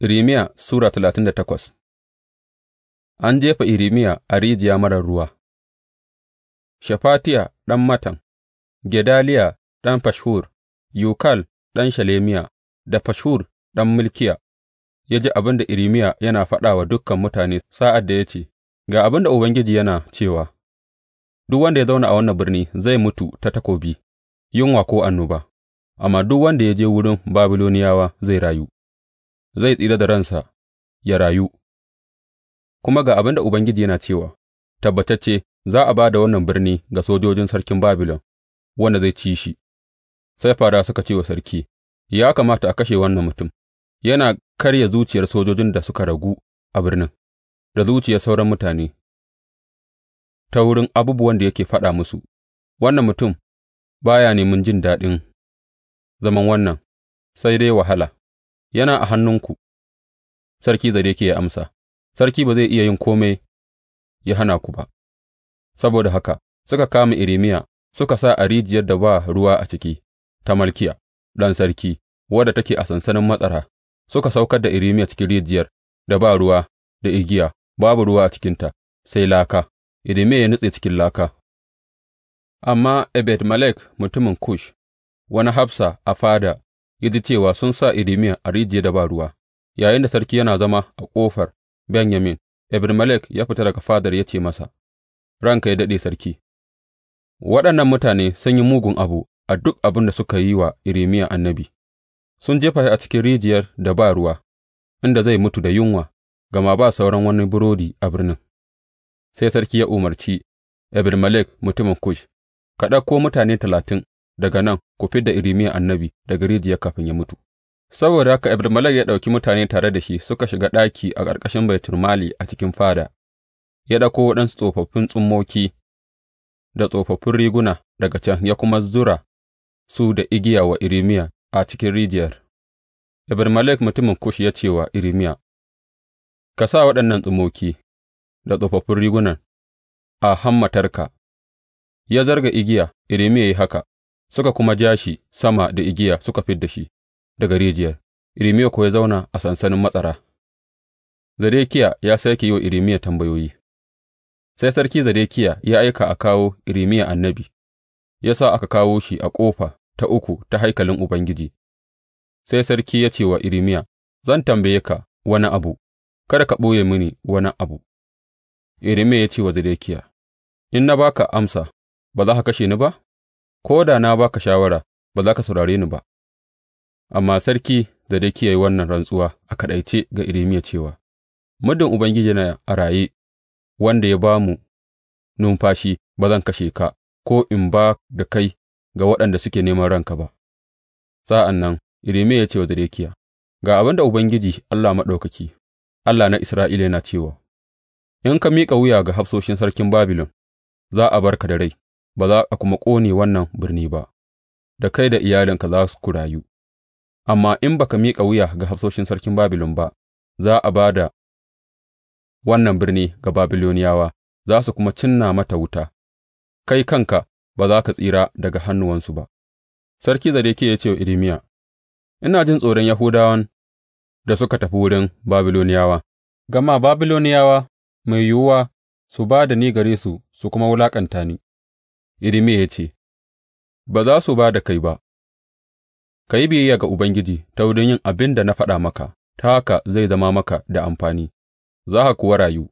Irmiya Sura talatin da takwas An jefa Irmiya a rijiya marar ruwa Shafatiya ɗan Matan, Gedaliya ɗan Fashhur, Yukal ɗan Shalemiya da Fashur ɗan Milkiya ya ji abin da Irmiya yana faɗa wa dukan mutane sa'ad da ya ce, Ga abin da Ubangiji yana cewa, Duk wanda ya zauna a wannan birni zai mutu ta takobi, yunwa ko annoba, amma duk wanda ya je wurin Babiloniyawa zai rayu. zai tsira da ransa ya rayu, kuma ga abin da Ubangiji yana cewa, tabbatacce za a ba da wannan birni ga sojojin sarkin Babilon, wanda zai ci shi, sai fara suka ce wa sarki, Ya kamata a kashe wannan mutum, yana karya zuciyar sojojin da suka ragu a birnin, da zuciyar sauran mutane, ta wurin abubuwan da yake faɗa musu, wannan mutum ba ya neman jin daɗin zaman wannan, sai dai wahala. yana a hannunku, Sarki Zedekiya ya amsa, Sarki ba zai iya yin kome ya hana ku ba, saboda haka suka kama Irimiya suka sa a rijiyar da ba ruwa a ciki ta Malkiya, ɗan sarki, wadda take a sansanin matsara, suka saukar da Irimiya cikin rijiyar da ba ruwa da igiya, babu ruwa a cikinta, sai laka, irimiya ya nutse cikin laka. Amma Ebed Malek mutumin Kush, wani hafsa a fada ya ji cewa sun sa Irimiya a rijiyar da ba ruwa, yayinda sarki yana zama a ƙofar Benyamin, Ebed Melek ya fita daga fadar ya ce masa, Ranka ya daɗe sarki, waɗannan mutane sun yi mugun abu a duk abin da suka yi wa Irimiya annabi, sun jefa shi a cikin rijiyar da ba ruwa, inda zai mutu da yunwa, gama ba sauran wani burodi a birnin. Sai sarki ya umarci Ebed Melek mutumin Kush, ka ɗauko mutane talatin daga nan ku fid da Irmiya annabi daga rijiyar kafin ya mutu. Saboda haka Ebed ya ɗauki mutane tare da shi suka shiga ɗaki a ƙarƙashin baiturmali a cikin fada, ya ɗauko waɗansu tsofaffin tsummoki da tsofaffin riguna daga can ya kuma zura su da igiya wa Irmiya a cikin rijiyar. Ebed mutumin Kush ya ce wa Irmiya, Ka sa waɗannan tsummoki da tsofaffin rigunan a hammatarka, ya zarga igiya, Irmiya ya yi haka. suka kuma ja shi sama da igiya suka fid da shi daga rijiyar, irimiya kuwa ya zauna a sansanin matsara. Zedekiya ya sake yi wa irimiya tambayoyi Sai sarki Zedekiya ya aika a kawo irimiya annabi, ya sa aka kawo shi a ƙofa ta uku ta haikalin Ubangiji. Sai sarki ya ce wa Irimiya, Zan tambaye ka wani abu, kada ka ɓoye mini wani abu. irimiya ya ce wa Zedekiya, In na baka amsa, ba za ka kashe ni ba? ko da na ba ka shawara, ba za ka saurare ni ba. Amma Sarki Zedekiya ya yi wannan rantsuwa a kaɗaice ga Irimiya cewa, Muddin Ubangiji na a raye, wanda ya ba mu numfashi, ba zan kashe ka ko in ba da kai ga waɗanda suke neman ranka ba. Sa'an nan Irimiya ya ce wa Zedekiya, Ga abin da Ubangiji Allah Maɗaukaki, Allah na Isra'ila yana cewa, In ka miƙa wuya ga hafsoshin sarkin Babilon, za a bar ka da rai. ba za a kuma ƙone wannan birni ba, da kai da iyalinka za ku rayu, amma in ba ka miƙa wuya ga hafsoshin sarkin Babilon ba, za a ba da wannan birni ga Babiloniyawa, za su kuma cinna mata wuta, kai kanka ba za ka tsira daga hannuwansu ba. Sarki Zedekiya ya ce wa Irimiya, Ina jin tsoron Yahudawan da suka tafi wurin Babiloniyawa, gama Babiloniyawa mai yiwuwa su ba da ni gare su su kuma wulaƙanta ni. Irmiya ya ce, Ba za su ba da kai ba, ka yi biyayya ga Ubangiji ta wurin yin abin da na faɗa maka, ta haka zai zama maka da amfani, za ka kuwa rayu,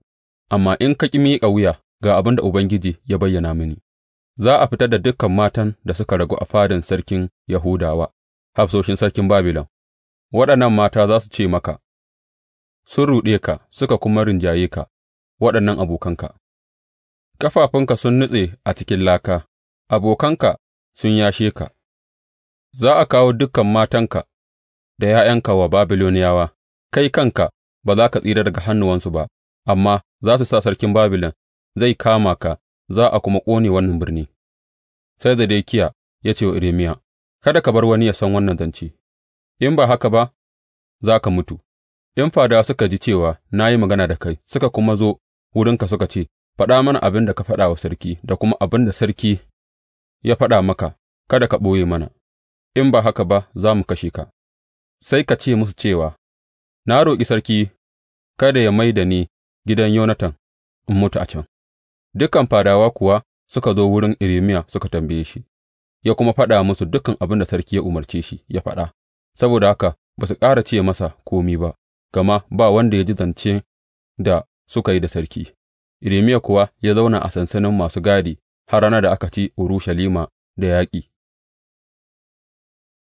amma in ka ƙi miƙa wuya ga abin da Ubangiji ya bayyana mini, za a fitar da dukan matan da suka ragu a fadin sarkin Yahudawa, hafsoshin sarkin Babilon, waɗannan mata za su ce maka, Sun ruɗe ka suka kuma rinjaye ka, waɗannan abokanka. ƙafafunka sun nutse a cikin laka, abokanka sun yashe ka, za a kawo dukan matanka da ’ya'yanka wa Babiloniyawa, kai kanka ba za ka tsira daga hannuwansu ba, amma za su sa sarkin Babilon zai kama ka, za a kuma ƙone wannan birni. Sai Zedekiya ya ce wa Irmiya, Kada ka bar wani ya san wannan zance, in ba haka ba, za ka mutu. In fada suka ji cewa na yi magana da kai, suka kuma zo wurinka suka ce, Faɗa mana abin da ka faɗa wa sarki da kuma abin da sarki ya faɗa maka, kada ka ɓoye mana, in ba haka ba za mu kashe ka, sai ka ce musu cewa, Na roƙi sarki kada ya mai da ni gidan Yonatan in mutu a can.’ Dukan fadawa kuwa suka zo wurin Irimiya suka tambaye shi, ya kuma faɗa musu dukan abin da sarki ya umarce shi ya faɗa, saboda haka ba su ƙara ce masa komi ba, gama ba wanda ya ji zance da suka yi da sarki. Irmiya kuwa ya zauna a sansanin masu gadi har ranar da aka ci Urushalima da yaƙi.